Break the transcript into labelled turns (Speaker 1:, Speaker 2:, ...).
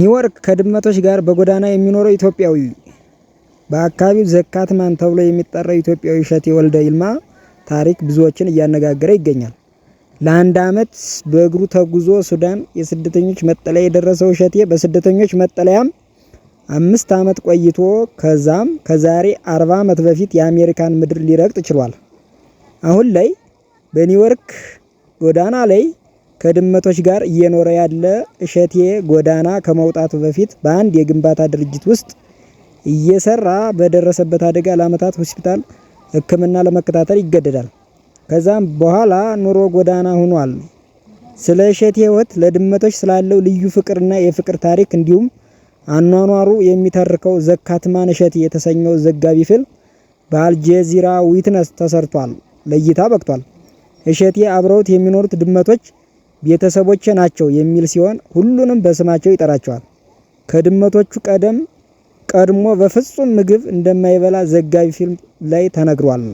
Speaker 1: ኒውዮርክ ከድመቶች ጋር በጎዳና የሚኖረው ኢትዮጵያዊ በአካባቢው ዘካትማን ተብሎ የሚጠራው ኢትዮጵያዊ እሸቴ ወልደ ይልማ ታሪክ ብዙዎችን እያነጋገረ ይገኛል። ለአንድ ዓመት በእግሩ ተጉዞ ሱዳን የስደተኞች መጠለያ የደረሰው እሸቴ በስደተኞች መጠለያም አምስት ዓመት ቆይቶ ከዛም ከዛሬ 40 ዓመት በፊት የአሜሪካን ምድር ሊረግጥ ችሏል። አሁን ላይ በኒውዮርክ ጎዳና ላይ ከድመቶች ጋር እየኖረ ያለ እሸቴ ጎዳና ከመውጣቱ በፊት በአንድ የግንባታ ድርጅት ውስጥ እየሰራ በደረሰበት አደጋ ለዓመታት ሆስፒታል ሕክምና ለመከታተል ይገደዳል። ከዛም በኋላ ኑሮ ጎዳና ሆኗል። ስለ እሸቴ ህይወት ለድመቶች ስላለው ልዩ ፍቅርና የፍቅር ታሪክ እንዲሁም አኗኗሩ የሚተርከው ዘካትማን እሸቴ የተሰኘው ዘጋቢ ፊልም በአልጀዚራ ዊትነስ ተሰርቷል፣ ለእይታ በቅቷል። እሸቴ አብረውት የሚኖሩት ድመቶች ቤተሰቦቼ ናቸው የሚል ሲሆን ሁሉንም በስማቸው ይጠራቸዋል። ከድመቶቹ ቀደም ቀድሞ በፍጹም ምግብ እንደማይበላ ዘጋቢ ፊልም ላይ ተነግሯል።